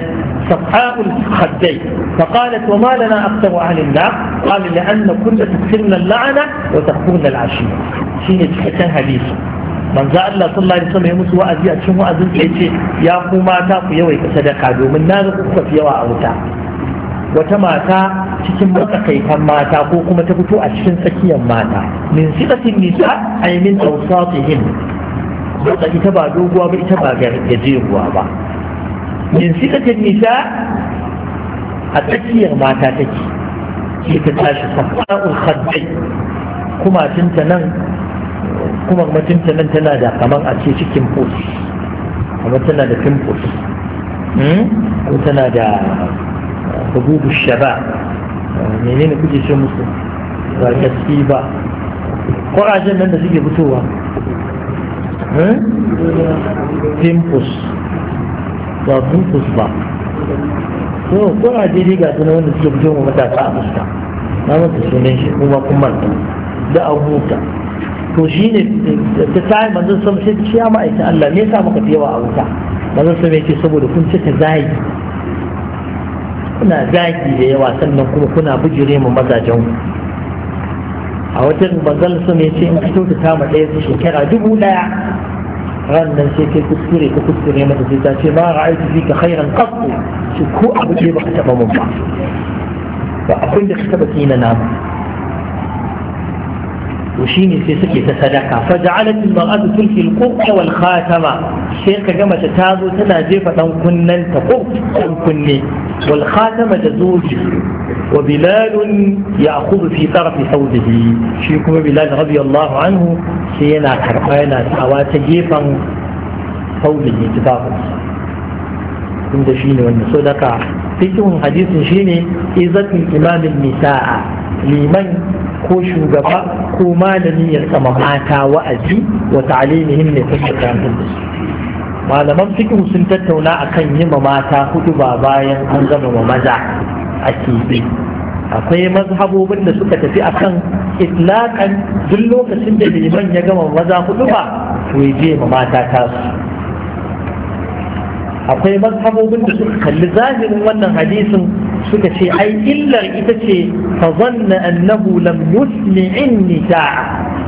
صفحاء الخدين فقالت وما لنا أكثر أهل النار قال لأن كل تكثرنا اللعنة وتكفرنا العشية شيء كان حديث من ذا الله صلى الله عليه وسلم يمس وأزي أتشم وأزن يتي يا قوما تاقوا يوي كصدقة دومن نار أخوة يوا أوتا wata mata cikin matsakaitan mata ko kuma ta fito a cikin tsakiyar mata min sidatin nisa ay min awsatihin wanda ita ba doguwa ba ita ba gajeruwa ba min ta nisa a tsakiyar mata take ke ta tashi safa'ul khaddai kuma tunta nan kuma matinta nan tana da kamar a ce cikin pus kuma tana da pimpus hmm? ko tana da eh, hududu shaba eh, menene kuke ce musu ba gaski ba ƙwararren nan da suke fitowa pimpus eh? ba pimpus ba so ko a daidai ga tunan wanda suke fito ma matasa a fuska na mata sunan shi kuma kun manta da abuka to shi ne ta tayi manzon sam sai ta ciya ma'aikin Allah me yasa muka fi yawa a wuta manzon sam yake saboda kun cika zagi kuna zagi da yawa sannan kuma kuna bijire mu mazajen ku a wajen bazal su ne ce in fito ta kama ɗaya su shekara dubu ɗaya ran nan sai kai kuskure ka kuskure mata sai ta ce ma ra'aytu ka khairan qattu ko abu ne baka taba mun ba ba abin da ka taba kina na ba to shi ne sai suke ta sadaka fa ja'alat al-mar'atu tulki al-qubba wal sai ka ga mace ta zo tana jefa dan kunnan ta qubba dan kunne wal khatama da zuji wa bilal ya'khudhu fi taraf sawdihi shi kuma bilal radiyallahu anhu shi yana karba yana tsawa ta gefan sawdihi tafafin inda shi ne wannan sadaka cikin hadisin shi ne izatin imamin nisa'a liman ko shugaba ko malami ya sama mata wa'azi wa ta'alimihim ne take karantar da su malaman fikihu sun tattauna akan yi ma mata hudu ba bayan an gama ma maza a kebe akwai mazhabobin da suka tafi akan itlaƙan duk lokacin da liman ya gama maza hudu ba to ya je ma mata tasu akwai mazhabobin da suka kalli zahirin wannan hadisin suka ce ai illar ita ce fa zanna annahu lam yusmi'in nisa'a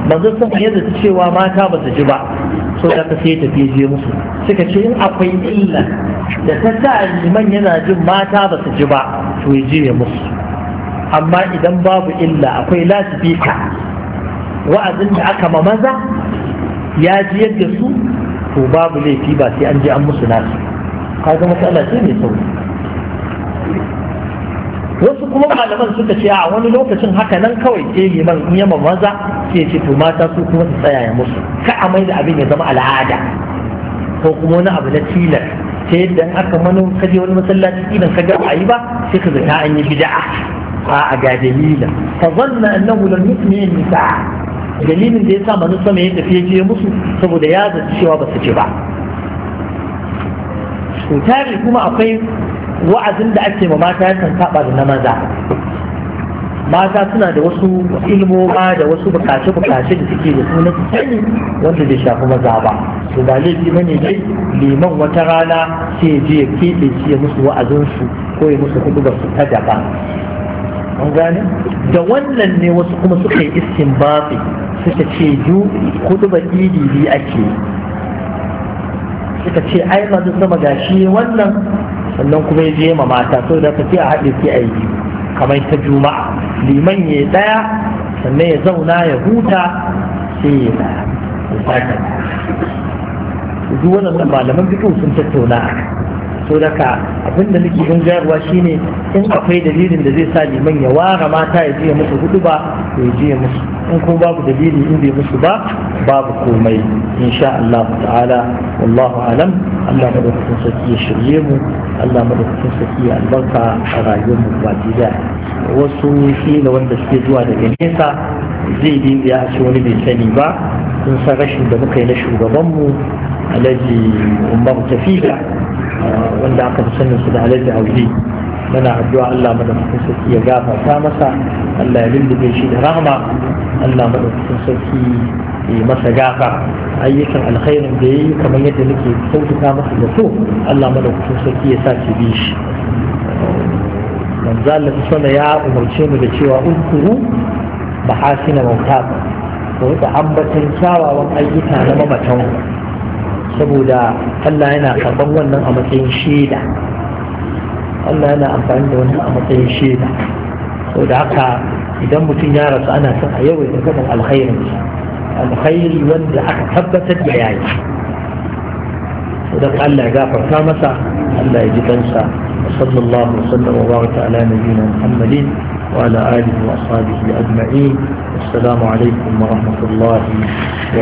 manzo sun yadda cewa mata ba su ji ba so da ka sai tafi je musu suka ce in akwai illa da ta sa liman yana jin mata ba su ji ba to ya je ya musu amma idan babu illa akwai lasifika wa'azin da aka ma maza ya ji yadda su to babu laifi ba sai an je an musu nasu kaga matsala ce mai sauri. wasu kuma malaman suka ce a wani lokacin haka nan kawai ke liman in yamma maza ke ce to mata su kuma su tsaya ya musu ka a mai da abin ya zama al'ada ko kuma wani abu na tilar ta yadda aka manu ka je wani masallaci idan ka ga a yi ba sai ka zata an yi bid'a a a ga dalila fa zanna annahu lam yusmi nisa dalilin da sa manzo sama ya tafi je musu saboda ya zaci cewa ba su ci ba to kuma akwai wa'azin da ake ma mata ya kan saba da na maza mata suna da wasu ilmoma da wasu bukace-bukace da suke da suna sani wanda bai shafi maza ba to ba laifi ba ne dai liman wata rana sai je ya keɓe shi ya musu wa'azinsu ko ya musu kudu ba su ta daban an gane da wannan ne wasu kuma suka yi istinbabi suka ce ju kudu ba idi ake suka ce ai manzo sama gashi wannan sannan kuma ya je ma mata so da ka ce a haɗe sai a yi biyu kamar ta juma'a liman ya ɗaya sannan ya zauna ya huta sai ya ɗaya duk wannan malaman biyu sun tattauna a so daga abinda nake gungayarwa shine in akwai dalilin da zai sa liman ya wara mata ya je musu hudu ba to ya je musu in kuma babu dalili in bai musu ba babu komai insha Allah ta'ala wallahu alam Allah madaukakin sarki ya shirye mu Allah madaukakin ya albarka a rayuwar mu ba wasu shi wanda suke zuwa daga nesa zai bi ya ce wani bai sani ba sun san rashin da muka yi na shugabanmu alaji umar tafiya wanda aka fi sanin su da alhaji auzi muna addu'a Allah madaukakin sarki ya gafarta masa Allah ya lullube shi da rahama Allah madaukakin sarki ya masa gafa ayyukan alkhairin da yi kamar yadda nake sautuka masa da so Allah madaukakin sarki ya sa ki bi shi manzo Allah sana ya umarce mu da cewa ba bahasina mawtaq ko da ambatan kyawawan ayyuka na mamatan saboda Allah yana karɓar wannan a matsayin shaida Allah yana amfani da wannan a matsayin shaida da haka idan mutum ya rasu ana son a da gaban alkhairin alkhairi wanda aka tabbatar da yayi saboda Allah ya gafarta masa Allah ya ji kansa sallallahu الله wa وبارك على نبينا muhammadin وعلى آله وأصحابه أجمعين السلام عليكم ورحمة الله وبركاته